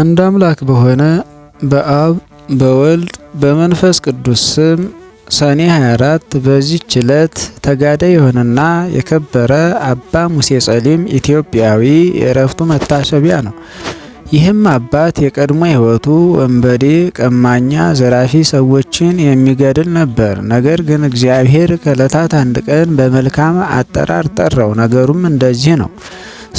አንድ አምላክ በሆነ በአብ በወልድ በመንፈስ ቅዱስ ስም ሰኔ 24 በዚህ ዕለት ተጋዳይ የሆነና የከበረ አባ ሙሴ ጸሊም ኢትዮጵያዊ የእረፍቱ መታሰቢያ ነው። ይህም አባት የቀድሞ ሕይወቱ ወንበዴ፣ ቀማኛ፣ ዘራፊ ሰዎችን የሚገድል ነበር። ነገር ግን እግዚአብሔር ከዕለታት አንድ ቀን በመልካም አጠራር ጠራው። ነገሩም እንደዚህ ነው።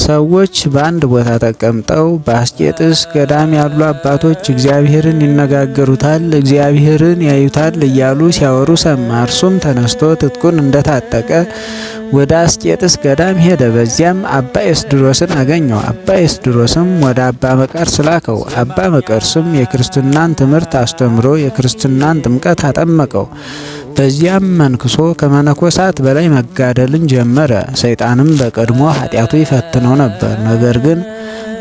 ሰዎች በአንድ ቦታ ተቀምጠው በአስቄጥስ ገዳም ያሉ አባቶች እግዚአብሔርን ይነጋገሩታል፣ እግዚአብሔርን ያዩታል እያሉ ሲያወሩ ሰማ። እርሱም ተነስቶ ትጥቁን እንደታጠቀ ወደ አስቄጥስ ገዳም ሄደ። በዚያም አባ ኤስድሮስን አገኘው። አባ ኤስድሮስም ወደ አባ መቃርስ ላከው። አባ መቃርስም የክርስትናን ትምህርት አስተምሮ የክርስትናን ጥምቀት አጠመቀው። በዚያም መንክሶ ከመነኮሳት በላይ መጋደልን ጀመረ። ሰይጣንም በቀድሞ ኃጢአቱ ይፈትነው ነበር። ነገር ግን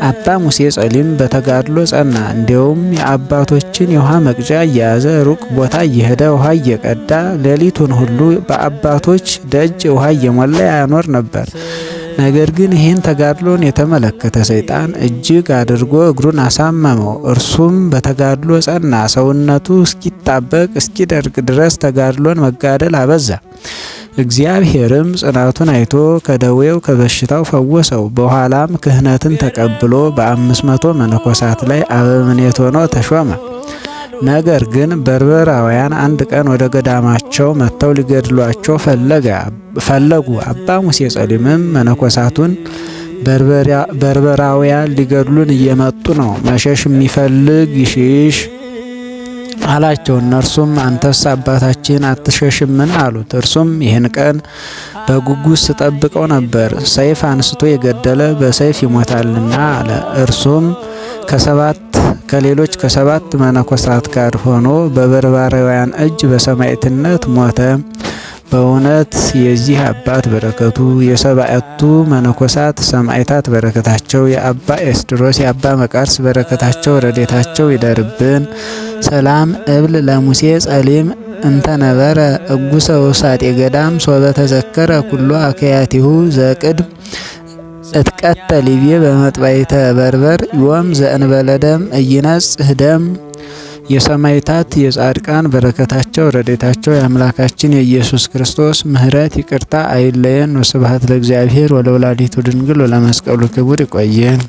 አባ ሙሴ ጸሊም በተጋድሎ ጸና። እንዲውም የአባቶችን የውሃ መቅጃ እየያዘ ሩቅ ቦታ እየሄደ ውሃ እየቀዳ ሌሊቱን ሁሉ በአባቶች ደጅ ውሃ እየሞላ ያኖር ነበር። ነገር ግን ይህን ተጋድሎን የተመለከተ ሰይጣን እጅግ አድርጎ እግሩን አሳመመው። እርሱም በተጋድሎ ጸና። ሰውነቱ እስኪጣበቅ እስኪደርቅ ድረስ ተጋድሎን መጋደል አበዛ። እግዚአብሔርም ጽናቱን አይቶ ከደዌው ከበሽታው ፈወሰው። በኋላም ክህነትን ተቀብሎ በአምስት መቶ መነኮሳት ላይ አበምኔት ሆኖ ተሾመ። ነገር ግን በርበራውያን አንድ ቀን ወደ ገዳማቸው መጥተው ሊገድሏቸው ፈለጉ። አባ ሙሴ ጸሊምም መነኮሳቱን በርበራውያን ሊገድሉን እየመጡ ነው፣ መሸሽ የሚፈልግ ይሽሽ አላቸው። እነርሱም አንተስ አባታችን አትሸሽምን? አሉት። እርሱም ይህን ቀን በጉጉት ስጠብቀው ነበር፣ ሰይፍ አንስቶ የገደለ በሰይፍ ይሞታልና አለ። እርሱም ከሰባት ከሌሎች ከሰባት መነኮሳት ጋር ሆኖ በበርባራውያን እጅ በሰማዕትነት ሞተ። በእውነት የዚህ አባት በረከቱ የሰባቱ መነኮሳት ሰማዕታት በረከታቸው የአባ ኤስድሮስ የአባ መቃርስ በረከታቸው ረዴታቸው ይደርብን። ሰላም እብል ለሙሴ ጸሊም እንተነበረ እጉሰ ውሳጤ ገዳም ሶበ ተዘከረ ኩሎ አከያቲሁ ዘቅድም እትቀተ ሊቤ በመጥባይተ በርበር ዮም ዘእንበለ ደም እይነጽህ ደም። የሰማይታት የጻድቃን በረከታቸው ረዴታቸው የአምላካችን የኢየሱስ ክርስቶስ ምሕረት ይቅርታ አይለየን። ወስብሐት ለእግዚአብሔር ወለወላዲቱ ድንግል ወለመስቀሉ ክቡር። ይቆየን።